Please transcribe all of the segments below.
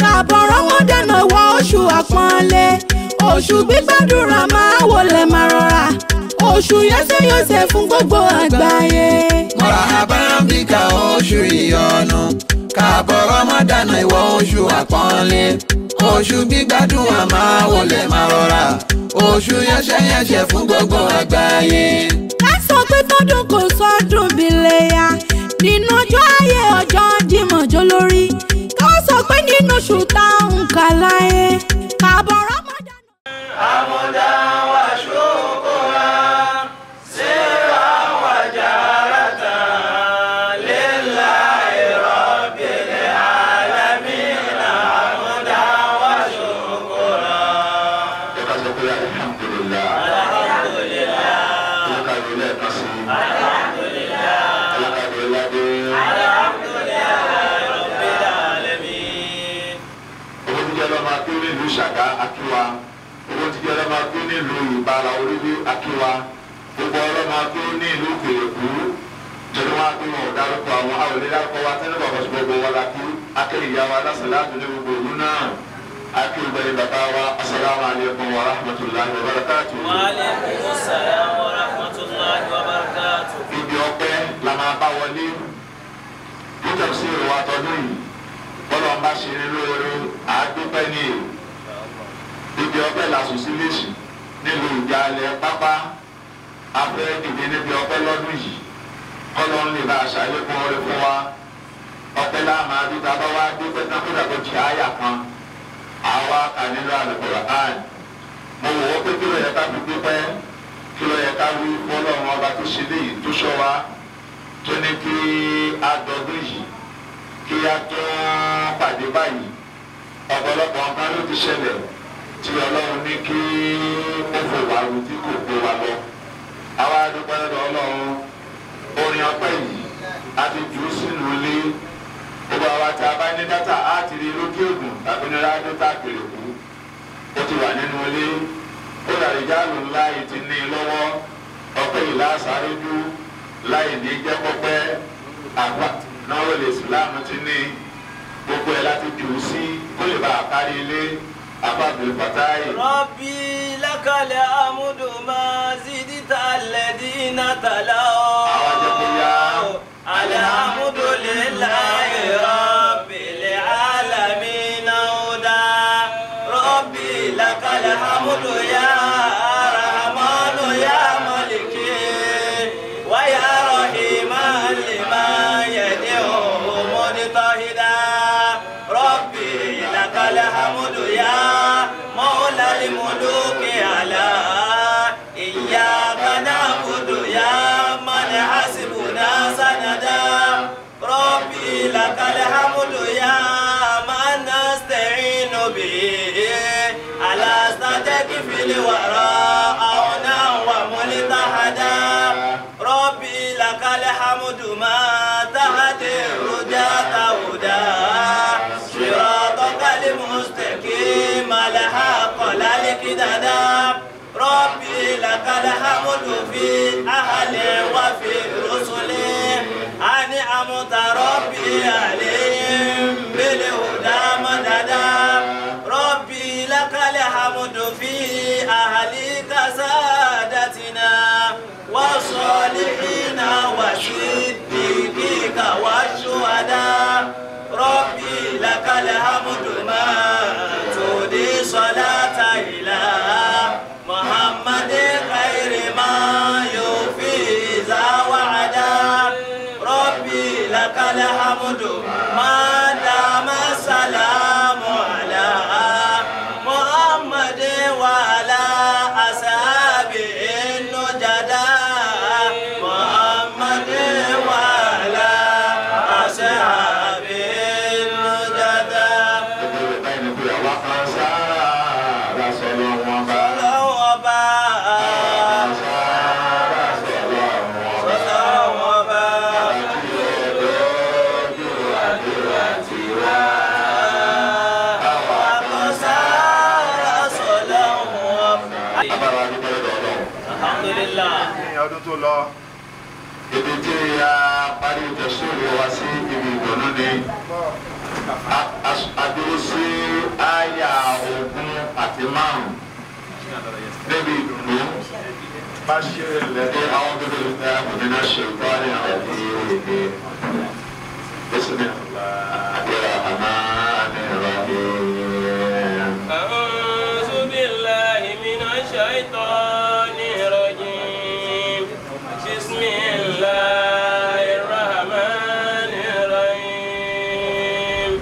kàbọ̀rọ̀ wọn dènà ìwọ oṣù àpọ́nlé oṣù gbígbàdúrà máa wọlé máa rọra oṣù yẹ́sẹ̀yọ̀sẹ̀ fún gbogbo àgbáyé. mọ̀rọ̀ àbámbíkà oṣù ìyọnu kàbọ̀rọ̀ mọ́ dànù ìwọ oṣù àpọ́nlé oṣù gbígbádùn máa wọlé máa rọra oṣù yẹ́sẹ̀yẹ̀sẹ̀ fún gbogbo àgbáyé. ká sọ pé tọdún kò sọdún bí léyà nínú ọjọ́ ayé ọjọ́. àkíwá owó ti di ọlọ́mọ akó nílùú ìbára orílẹ̀ àkíwá gbogbo ọlọ́mọ akó nílùú kòyèkú tẹ̀lé wọn akó wọn ò dárúkọ àwọn àwòlélá kọ́ wa tẹ́lẹ̀ bàbá sọ gbogbo wọn la kú akẹ́ ìyá wa lásán láti ní gbogbo òru náà akẹ́ ìgbẹ́ni bàbá wa asalaamu alaykum wa rahmatulahi wa barakatu. wa aleykum salaam wa rahmatulahi wa barakatu. ibi ọpẹ́ la máa bá wọlé nítorí sí ìwà tọdún yìí bọ́lá ń ṣe ní lóore àádọ́pẹ́ ní èrò ibi ọpẹ́ làṣọ sí léṣe nílùú ìjàlẹ̀ pápá afẹ́ dìde níbi ọpẹ́ lọ́dún yìí kọ́lọ́ ń lè bá aṣàlékún ọrẹ fún wa ọpẹ́ láàmú abíta bá wá dé pẹ́ tán kódà kó jì áyà kan àwa kà nínú àlùkòrò àn mo wò ó pé kí ló yẹ ká fi dúpẹ́ kí ló yẹ ká wí fọlọ́run ọba tó ṣe léyìí tó ṣọ́ wa tó ní kí a dọdún yìí kí a tó pàdé báyìí ọ̀pọ̀lọpọ̀ nǹkan ló ti ṣẹlẹ̀ o tí ọlọ́run ní kí ó fò wá ru tí kò gbé wa lọ. àwa dúpẹ́ lọ́dọ̀ ọlọ́run orin ọpẹ́ yìí a ti jù ú sínú ilé gbogbo àwa tí a bá ní dátà á ti rí lókè ògùn tàbí ní rádó tá a kèrè kú ó ti wà nínú ilé ó dàrí jáàlù ńlá yìí ti ní lọ́wọ́ ọpẹ́ yìí lásàárẹ̀ dú láì ní jẹ́ pọ́pẹ́ àgbà náà wọlé ìsìlámù ti ní gbogbo ẹ̀ láti jù ú sí kó lè bá a kárí ilé abadul fatayi. rabbi lakale amudu ma zidita alladina تعبد ما تحت الرجا تهدى صراطك المستقيم الحق لك دنا ربي لك الحمد في أهل وفي الرسل أنعمت ربي عليهم بالهدى مددا ربي لك الحمد في Ma a dúpẹ́ lọ́dọ̀ ọlọ́run. alhamdulillah. ní ọdún tó lọ. ibi tí a parí tẹ̀síwòrì wa sí ibi ìdùnnú ni adúró sí àyà ogún àti márùn-ún níbi ìdùnnú. bá ṣe lẹ́dí àwọn bíbí ìdá àbùdí náà ṣe ìtọ́ àyà ògùn yìí الشيطان الرجيم بسم الله الرحمن الرحيم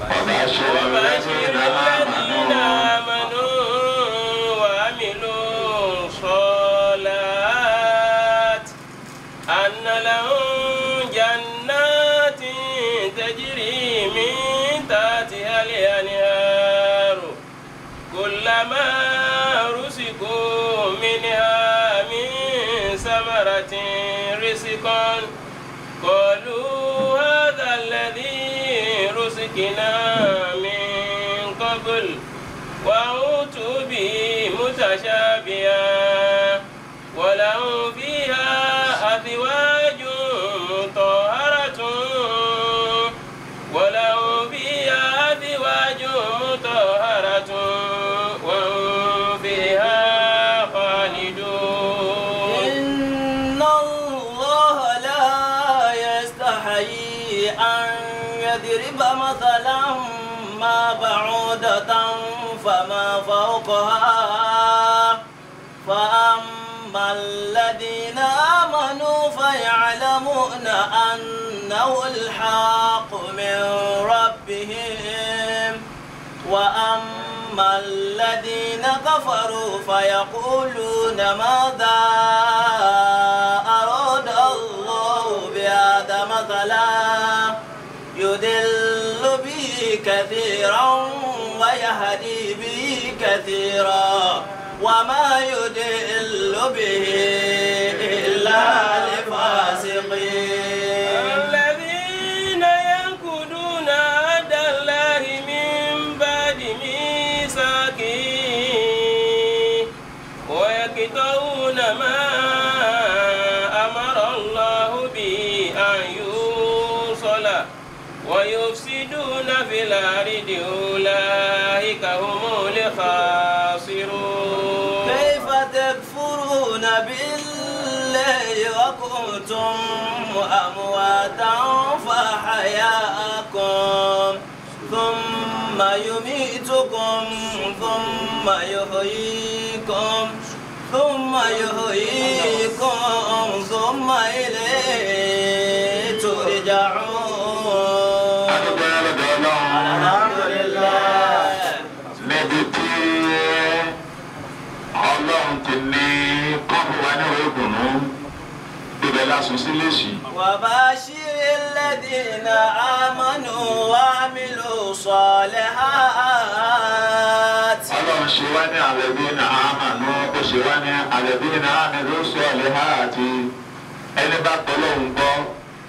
وبشر الذين آمنوا وعملوا الصالحات أن لهم جنات تجري من تحتها الأنهار كلما أهلكنا من قبل وأوتوا به متشابها ولهم فيها أزواج طهرة ولهم فيها أزواج طهرة أما الذين آمنوا فيعلمون أنه الحق من ربهم وأما الذين كفروا فيقولون ماذا أراد الله بهذا مثلا يدل به كثيرا ويهدي به كثيرا وما يدل به إلا لفاسقين كنتم أمواتا فأحياكم ثم يميتكم ثم يحييكم ثم يحييكم ثم إليه rẹ̀ la sùn sí lẹ́sì. wàbá ṣírí lẹ́dínà àmọ́nù wa mi lò sọ̀lẹ̀ ha. ọlọ́run ṣe wá ní àlẹ́bínà àmọ́nù ó ṣe wá ní àlẹ́bínà àmì ló sọ̀lẹ̀ ha àti ẹni bá pọ̀lọ́hún gbọ́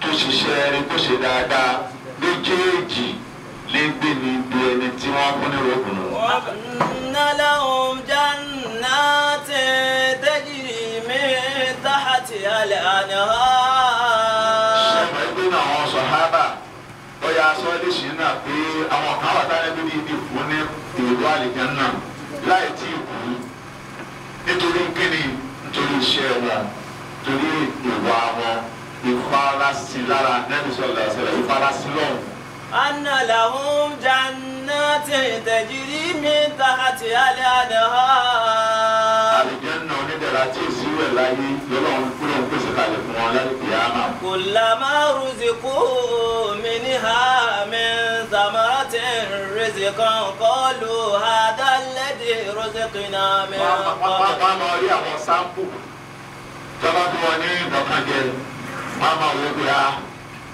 tó ṣiṣẹ́ rí kó ṣe dáadáa méjèèjì lè gbé ní ibi ẹni tí wọ́n fún ní rògùn. wọ́n nálà òun jẹ́ náà tètè àlẹ́ àná. ṣàmẹ́gbẹ́ náà àwọn sọ̀hábà ọ̀yà sọ́ọ́dẹ́sì náà pé àwọn kan wà táyà bí ibi fún ní èrò àlejò náà láì tí ì kú nítorí kíni nítorí iṣẹ́ wọn torí ìwà wọn ìfarasí lára nẹ́bí sọ̀rọ̀ sọ̀rọ̀ ìfarasí lọ́wọ́. anna lahum jannatin tajri min tahtiha al-anhar tí èsì rẹ̀ láyé lọ́lọ́run kúrò ń pèsè kalẹ̀ fún wọn láti pè á mà. kò lámà rúzìkú mi ní ha mi sàmárátì rìzìkan kọlu àdálẹ́dì rúzìkìnà mi. pápá máa rí àwọn sáńpù tọ́lá fún wọn ní ìdọ́kànjẹ máa máa wo bí a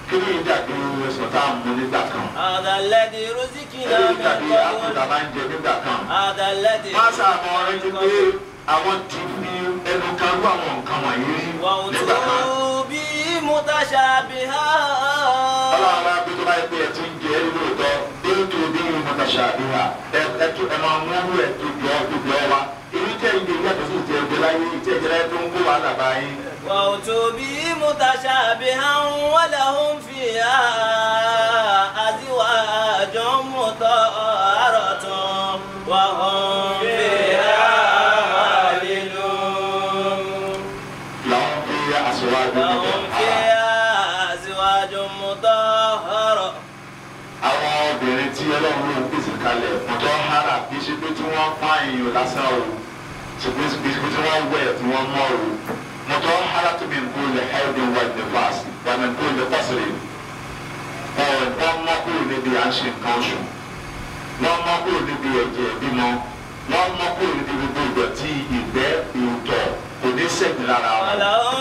kiri dàbí ẹsùn tá a mú nígbà kan. àdàlẹ́dì rúzìkìnà mi kọ́ ló. kiri dàbí àkùtà máa ń jẹ nígbà kan. àdàlẹ́dì. má sàmọ́ ọ̀rẹ́ ti pé àwọn ti fi ẹnu kan rú àwọn nǹkan wọ̀nyí rí nígbà kan. bí mo ta ṣàbí ha. ọlọ́run bí tó bá yẹ pé ẹ ti ń jẹ ẹ lóòótọ́ bí tó bí mo ta ṣàbí ha ẹ tó ẹ máa mú ẹ tó jọ tó jọ wa irú tẹ ìdè yàtọ̀ sí ìtẹ̀ ẹgbẹ́ láyé ìtẹ̀ ẹgbẹ́ láyé tó ń kó bí mo ta ṣàbí ha fi hà àti wàá jọ àrọ̀tún wà لهم فيها أزواج مطهرة àwọn obìnrin tí ọlọ́run ló ń pèsè kalẹ̀ ọ̀dọ́ hara kì í ṣe pé tí wọ́n pa èèyàn lásán o ṣùgbọ́n ṣe pé tí wọ́n wẹ̀ tí wọ́n mọ́ o mọ̀tọ́ hara tó mi ń lè ẹ̀ẹ́dẹ̀ wà ní fásitì wà ní kó lè fásitì wọ́n mọ́ kúrò níbi à ń ṣe wọ́n mọ́ kúrò níbi ẹ̀jẹ̀ bímọ wọ́n mọ́ kúrò níbi gbogbo ìdọ̀tí ìgbẹ́ ìrùtọ̀ kò ní sẹ́gun lára wọn.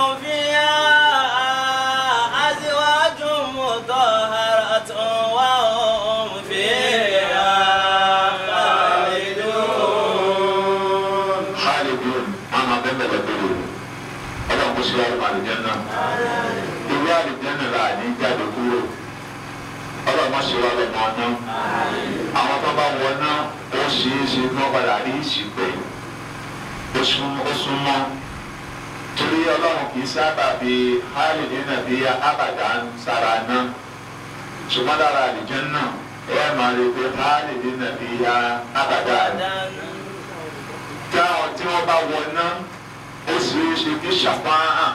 àlìjẹ́nà ilé àlìjẹ́nà là ní jáde kúrò ọlọ́mọ ṣe wà lọ́mọ ọ̀nà àwọn tó bá wọná ó ṣe é ṣe kí wọ́n padà rí ìṣìpẹ́ ó súnmọ́ torí ọlọ́run kì í sábà fi àlìjẹ́nà bí abàdá ń sára ná ṣùgbọ́n lára àlìjẹ́nà ẹ máa rí pé àlìjẹ́nà bí abàdá táwọn tí wọ́n bá wọná ó ṣe é ṣe kí ṣàpá hàn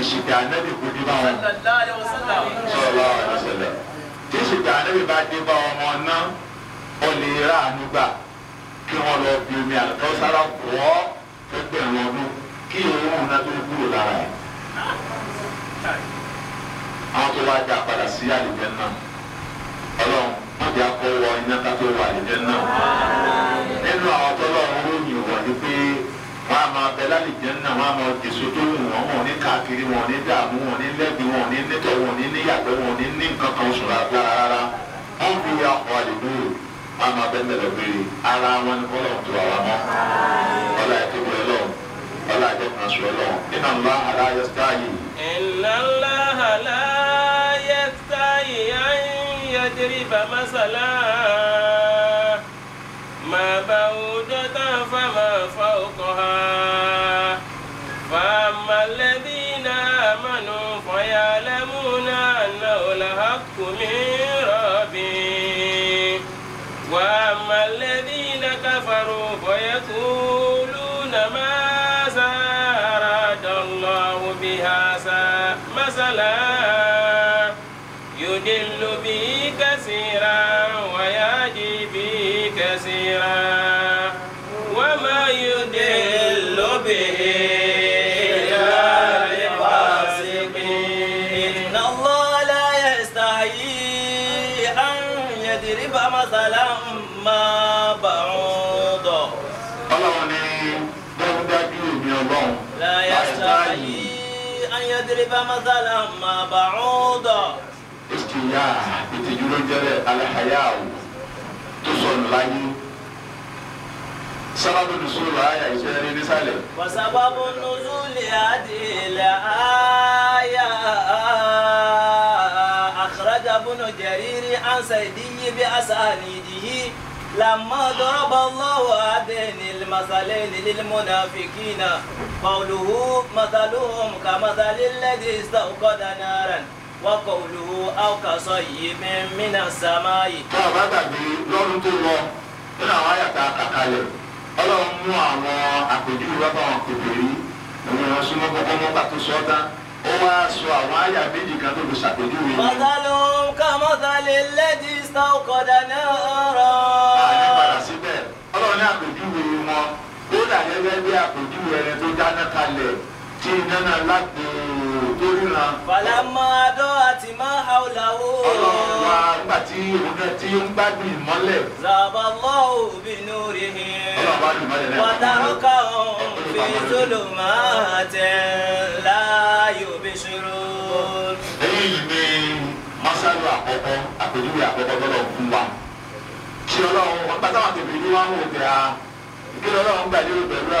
ìṣìkà ànábì kò dé bá wọn. sọlá ọ̀sẹ̀lẹ̀ tí ìṣìkà ànábì bá dé bá ọmọ náà ó lè rà á nígbà kí wọ́n lọ bí omi àlùkọ́sára wọ́ ẹgbẹ̀rún ọdún kí òun náà tó kúrò lára ẹ̀. àwọn tó wáá dá padà sí àlùjẹ náà ọlọ́run wọ́n ti akọ iná ká tó wà àlùjẹ náà nínú àwọn tó lọ́run ó yìn wọ́n pé wọn a máa bẹ lálejò náà wọn a máa jèso tó wù wọn wọn ní káàkiri wọn ní dààmú wọn ní lẹ́bi wọn ní nítọ̀ wọn ní níyàgbẹ́ wọn ní ní nǹkan kan sùn rárá rárá wọn bí ya ọ̀ àdìdúró wọn a máa bẹ mẹlẹ gbére ara wọn ni kọ́lọ̀ tó ara mọ́ ọlá ẹ̀tọ́ bọ̀ ẹlọ́ ọlá ẹ̀jẹ̀ kan sọ ẹlọ́ iná ńlá aláyẹ sáàyè. iná ńlá aláyẹ sáàyè ayé yẹ la يضرب مثلا ما بعوضا استنيا تجول جري على حياو تصل لاني سبب نزول الآية إجاري مثال وسبب نزول هذه الآية أخرج ابن جرير عن سيده بأسانيده لما ضرب الله هذين المثلين للمنافقين قوله مثلهم كمثل الذي استوقد نارا وقوله أو كصيب من السماء bàbá gbàgbé lọ́dún tó lọ nínú àwọn àyàtà àkàkalẹ̀ ọlọ́run mú àwọn àpèjúwe wá báwọn kékeré òun ìran súnmọ́ kọ́kọ́ mọ́ pàtó sọ́dá ó wá sọ àwọn àyà méjì kan tó fi ṣàpèjúwe. مثلهم كمثل الذي استوقد نارا. tí iná náà láti tó ríran. fàlámà àdó àti máa ha ò làwọ̀. ọlọ́run wa nígbà tí òun náà ti ń gbádùn ìmọ́lẹ̀. zàbà lọ́wọ́ bí núri hin. ọlọ́run wa dùn wàtàrọ́ ká fi sólò máa tẹ̀ láàyò bí ṣòro. èyí ni mọ́sálù àkọ́kọ́ àpèjúwe àkọ́kọ́ tọ́lọ̀ fún wa. tí ọlọ́run wọn gbàtà wọn tẹ̀lé ní wọn wò pé a kí ọlọ́run gbàdúrà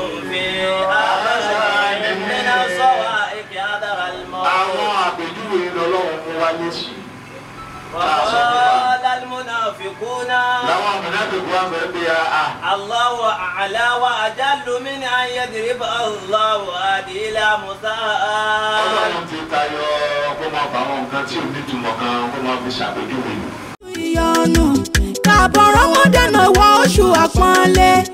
wá lẹ́sùn. وقال المنافقون الله أعلى وأجل من أن يضرب الله هذه الأمثال. ìyọnu kàbọ̀rọ̀ mọ́dẹ̀nà ìwọ oṣù àpọ́nlé.